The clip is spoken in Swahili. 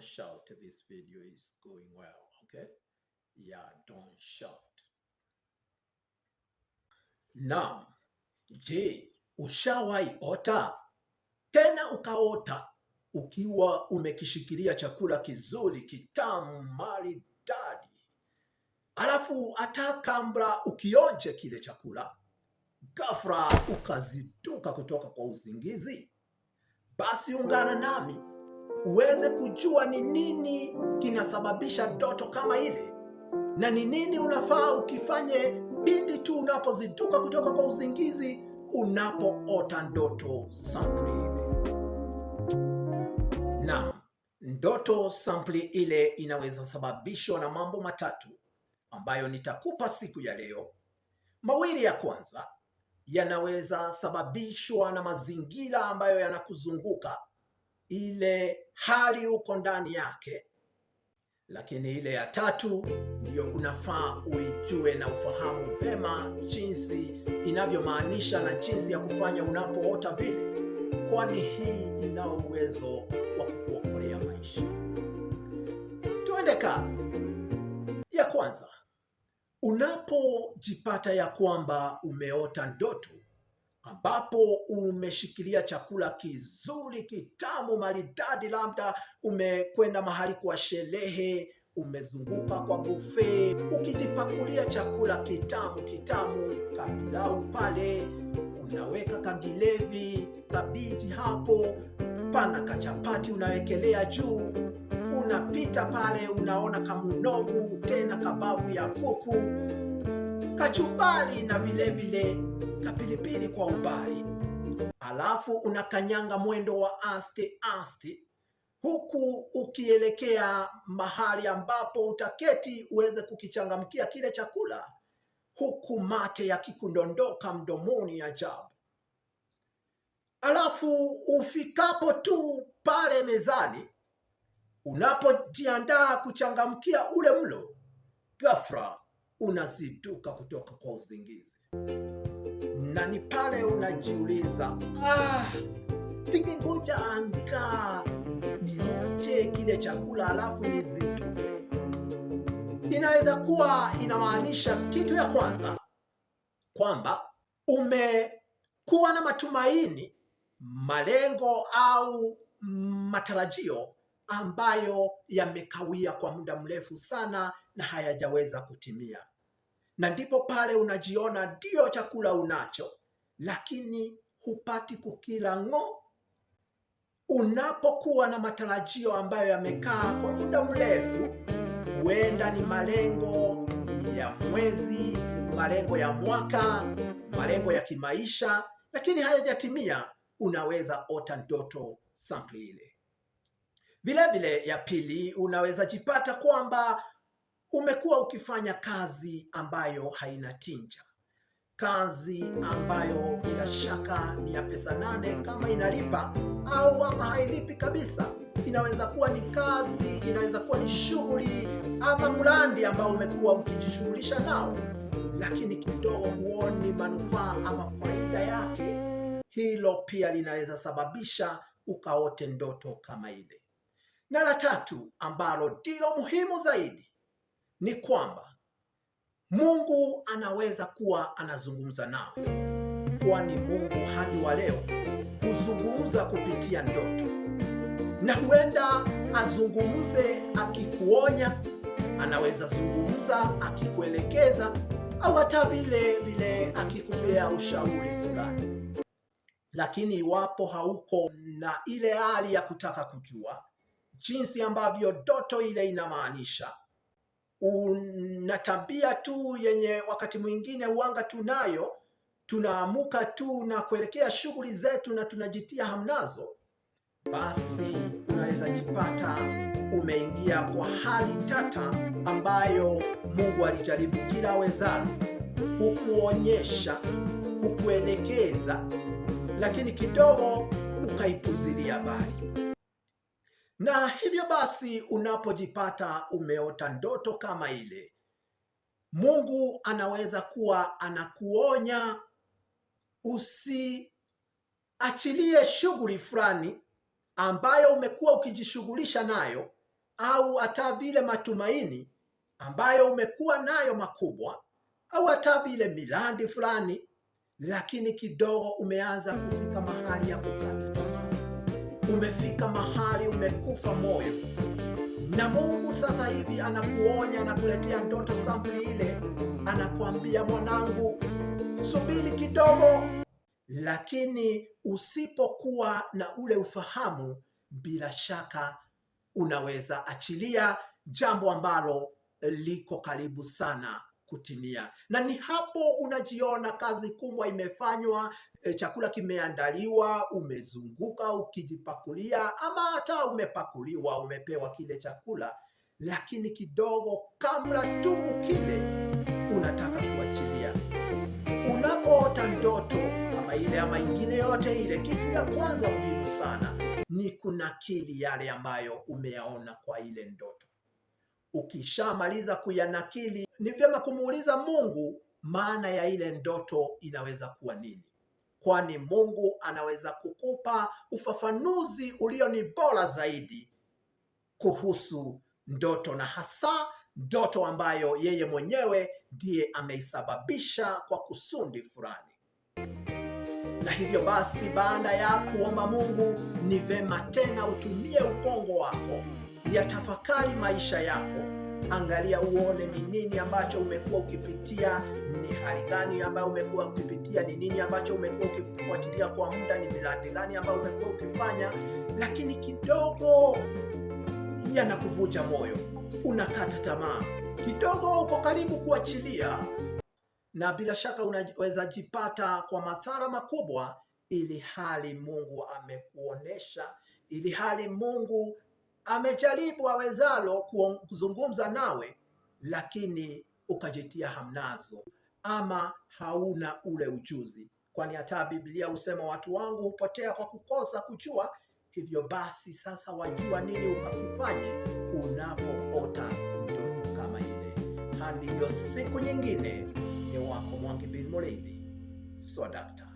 shout if This video is going well, okay? Yeah, don't shout. Now, Je, ushawai ota? Tena ukaota ukiwa umekishikilia chakula kizuri kitamu maridadi, alafu hata kambra ukionje kile chakula, ghafla ukaziduka kutoka kwa usingizi? Basi ungana nami uweze kujua ni nini kinasababisha ndoto kama ile na ni nini unafaa ukifanye pindi tu unapozinduka kutoka kwa usingizi, unapoota ndoto sampli ile. Na ndoto sampli ile inaweza sababishwa na mambo matatu ambayo nitakupa siku ya leo. Mawili ya kwanza yanaweza sababishwa na mazingira ambayo yanakuzunguka ile hali uko ndani yake. Lakini ile ya tatu ndiyo unafaa uijue na ufahamu vema jinsi inavyomaanisha na jinsi ya kufanya unapoota vile, kwani hii inao uwezo wa kukuokolea maisha. Tuende kazi ya kwanza. Unapojipata ya kwamba umeota ndoto ambapo umeshikilia chakula kizuri kitamu maridadi, labda umekwenda mahali kwa sherehe, umezunguka kwa buffet ukijipakulia chakula kitamu kitamu, kapilau pale unaweka kangilevi, kabiji hapo, pana kachapati unawekelea juu, unapita pale unaona kamunovu tena kabavu ya kuku kachumbari na vilevile kapilipili kwa umbali, alafu unakanyanga mwendo wa asti asti, huku ukielekea mahali ambapo utaketi uweze kukichangamkia kile chakula, huku mate yakikundondoka mdomoni ajabu. Alafu ufikapo tu pale mezani unapojiandaa kuchangamkia ule mlo, ghafla unazinduka kutoka kwa uzingizi, na ni pale unajiuliza ah, singengoja angaa nioje kile chakula alafu nizinduke. Inaweza kuwa inamaanisha kitu ya kwanza kwamba umekuwa na matumaini, malengo au matarajio ambayo yamekawia kwa muda mrefu sana na hayajaweza kutimia, na ndipo pale unajiona ndio chakula unacho, lakini hupati kukila ng'o. Unapokuwa na matarajio ambayo yamekaa kwa muda mrefu, huenda ni malengo ya mwezi, malengo ya mwaka, malengo ya kimaisha, lakini hayajatimia, unaweza ota ndoto sample ile. Vilevile ya pili, unaweza jipata kwamba Umekuwa ukifanya kazi ambayo haina tija, kazi ambayo bila shaka ni ya pesa nane kama inalipa au ama hailipi kabisa. Inaweza kuwa ni kazi, inaweza kuwa ni shughuli ama mradi ambao umekuwa ukijishughulisha nao, lakini kidogo huoni manufaa ama faida yake. Hilo pia linaweza sababisha ukaote ndoto kama ile. Na la tatu ambalo ndilo muhimu zaidi ni kwamba Mungu anaweza kuwa anazungumza nawe, kwani Mungu hadi wa leo huzungumza kupitia ndoto, na huenda azungumze akikuonya, anaweza zungumza akikuelekeza, au hata vile vile akikupea ushauri fulani. Lakini iwapo hauko na ile hali ya kutaka kujua jinsi ambavyo ndoto ile inamaanisha una tabia tu yenye wakati mwingine uanga tunayo, tunaamuka tu na kuelekea shughuli zetu na tunajitia hamnazo, basi unaweza jipata umeingia kwa hali tata ambayo Mungu alijaribu kila awezalo kukuonyesha, kukuelekeza, lakini kidogo ukaipuzilia mbali. Na hivyo basi, unapojipata umeota ndoto kama ile, Mungu anaweza kuwa anakuonya usiachilie shughuli fulani ambayo umekuwa ukijishughulisha nayo, au hata vile matumaini ambayo umekuwa nayo makubwa, au hata vile miradi fulani, lakini kidogo umeanza kufika mahali ya kukata umefika mahali umekufa moyo, na Mungu sasa hivi anakuonya, anakuletea ndoto sampuli ile, anakuambia mwanangu, subiri kidogo. Lakini usipokuwa na ule ufahamu, bila shaka unaweza achilia jambo ambalo liko karibu sana kutimia, na ni hapo unajiona kazi kubwa imefanywa. E, chakula kimeandaliwa, umezunguka ukijipakulia, ama hata umepakuliwa, umepewa kile chakula, lakini kidogo kabla tu ukile, unataka kuachilia. Unapoota ndoto ama ile ama ingine yote ile, kitu ya kwanza muhimu sana ni kunakili yale ambayo umeyaona kwa ile ndoto. Ukishamaliza kuyanakili, ni vyema kumuuliza Mungu maana ya ile ndoto inaweza kuwa nini, kwani Mungu anaweza kukupa ufafanuzi ulio ni bora zaidi kuhusu ndoto na hasa ndoto ambayo yeye mwenyewe ndiye ameisababisha kwa kusudi fulani. Na hivyo basi, baada ya kuomba Mungu, ni vema tena utumie ubongo wako yatafakari maisha yako, angalia uone ni nini ambacho umekuwa ukipitia, ni hali gani ambayo umekuwa ukipitia, ni nini ambacho umekuwa ukifuatilia kwa muda, ni miradi gani ambayo umekuwa ukifanya, lakini kidogo yanakuvuja moyo, unakata tamaa, kidogo uko karibu kuachilia, na bila shaka unaweza jipata kwa madhara makubwa, ili hali Mungu amekuonesha ili hali Mungu amejaribu awezalo kuzungumza nawe, lakini ukajitia hamnazo ama hauna ule ujuzi, kwani hata Biblia husema watu wangu hupotea kwa kukosa kujua. Hivyo basi sasa, wajua nini ukakifanye unapoota ndoto kama ile. Hadi hiyo siku nyingine, ni wako Mwangi bin so Swadakta.